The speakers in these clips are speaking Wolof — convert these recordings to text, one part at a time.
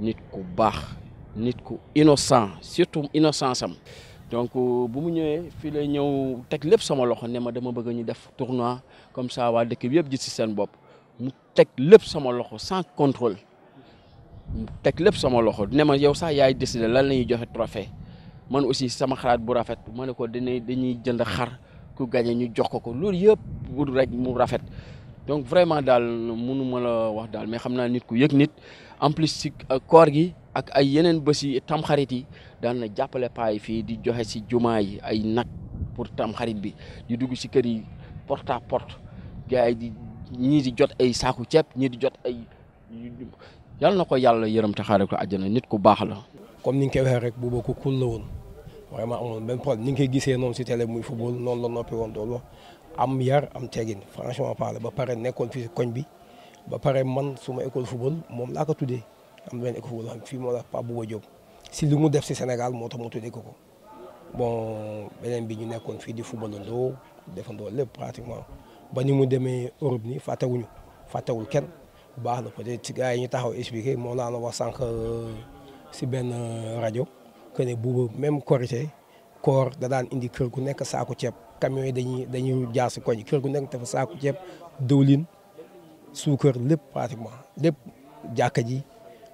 nit ku bax nit ku innocent surtout innocence am donc euh, bu mu ñëwee fii lay ñëw tek lepp sama loxo ne ma dama bëgg ñu def tournoi comme ça wa dëkk bi yëpp jiss ci seen bop mu tek lepp sama loxo sans contrôle mu teg lépp sama loxo ne ma yow sax yaay décidé lan la ñuy joxe trophée man aussi sama xalaat bu rafet mané ko dañuy dañuy jënd xar ku gañe ñu jox ko ko lool yëpp bu rek mu rafet. donc vraiment daal mënu la wax daal mais xam naa nit ku yëg nit en plus si euh, koor gi ak ay yeneen bés yi tamxarit yi daal na jàppale paay fii di joxe si jumaa yi ay nag pour tamxarit bi di dugg si kër yi porte à porte gaa yi di ñii di jot ay saaku ceeb ñii di jot ay yàlla na ko yàlla yërëm taxaare ko àjjana nit ku baax la. comme ni nga koy waxee rek bu bokk kul la woon vraiment amoon benn problème ni nga koy gisee noonu si télé muy fu football noonu la noppi woon doolu am yar am franchement parlé ba paré si bi ba paré man suma école football mom la ko tuddee am école football fi mo la Pape Bouba Diop si lu mu def ci Sénégal moo tax mu tuddee ko bon benen bi ñu nékkone fi di pratiquement ba ni mu démé Europe ni faté kenn baax na peut-être si gars yi ñu taxaw expliqué mo la wax sank euh, si benn euh, radio, que ne même koor da daan indi kër ku nekk saako ceeb camion yi dañuy dañuy jaar si koñ kër gu nekk dafa saako ceeb diwlin suukar lépp pratiquement lépp jàkka ji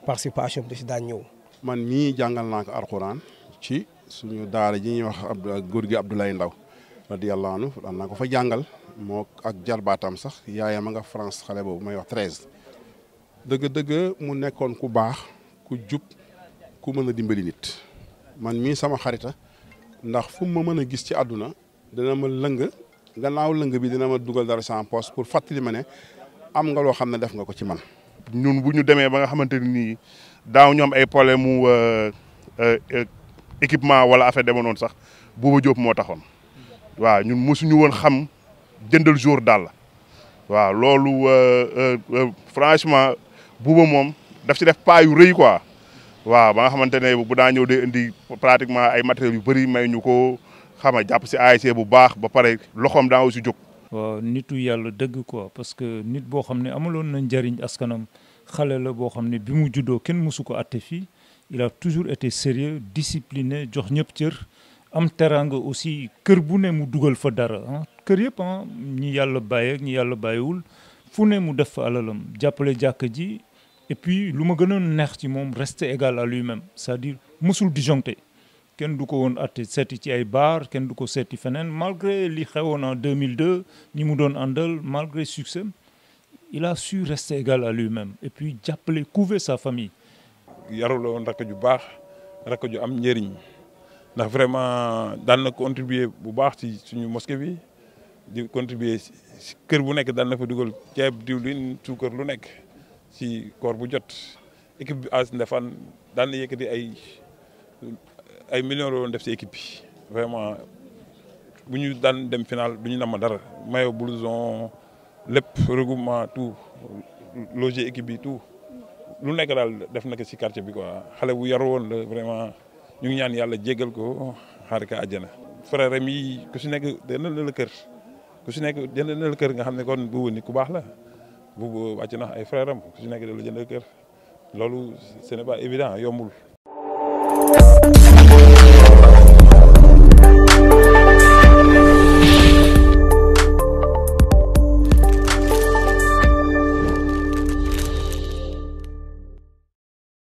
participation bi si daan ñëw. man mii jàngal naa ko alxuraan ci suñu daara ji ñuy wax ab góor gi Abdoulaye Ndaw radiyallahu anhu daan naa ko fa jàngal moo ak jarbaatam sax yaayam a nga France xale boobu may wax treize. dëgg-dëgg mu nekkoon ku baax ku jub ku mën a dimbali nit man mii sama xarita ndax fu ma mën a gis ci àdduna dana ma lëng gannaaw lëng bi dina ma dugal dara sans poste pour fàttali ma ne am nga loo xam ne def nga ko ci man. ñun bu ñu demee ba nga xamante ni nii daaw ñoom ay problème mu euh, euh, euh, équipement wala affaire demoon sax Bouba Diop moo taxoon waaw ñun mosuñu woon xam jëndal jour daal la waaw loolu franchement Bouba moom daf si def pas yu rëy quoi. waaw ba nga xamante ne bu daa ñëw di indi pratiquement ay matériels yu bëri may ñu ko xama jàpp si ASC bu baax ba pare loxoom daa aussi jog waaw nitu yàlla dëgg quoi parce que nit boo xam ne amaloon na njariñ askanam xale la boo xam ne bi mu juddoo kenn mësu ko atte fii il a toujours été sérieux discipliné jox ñëpp cër am teraanga aussi kër bu ne mu dugal fa dara ah, kër yëpp am ah, ñi yàlla bàyyeeg ñi yàlla bàyyiwul fu ne mu def fa alalam jàppale jàkk ji. et puis lu ma gënoon neex ci moom rester égal à lui-même c'est-à-dire musul disjoncté kenn du ko woon atte seeti ci ay bar, kenn du ko seeti feneen malgré li xewoon en 2002 ni mu doon àndal malgré succès il a su rester égal à lui-même et puis jàppale couver sa famille. yaru la woon rakk ju baax rakk ju am njëriñ ndax vraiment daan na contribuer bu baax ci suñu mosquée bi di contribuer kër bu nek daan na fa dugal ceeb diwlin suukar lu nek. si koor bu jot équipe bi AS defan daal na yëkkati ay ay millions la def ci équipe vraiment bu ñu daan dem final du ñu nama dara maillot blouson lépp regroupement tout loger équipe bi tout lu nekk daal def na ko ci quartier bi quoi xale bu yar woon la vraiment ñu ngi ñaan yàlla jéggal ko xaar ka àjjana. frère am yi ku si nekk dana la kër ku si nekk dana la kër nga xam ne kon bu wëni ku baax la. bu wàcc na ay frère am su nekk da la jënd kër loolu